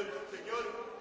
el Señor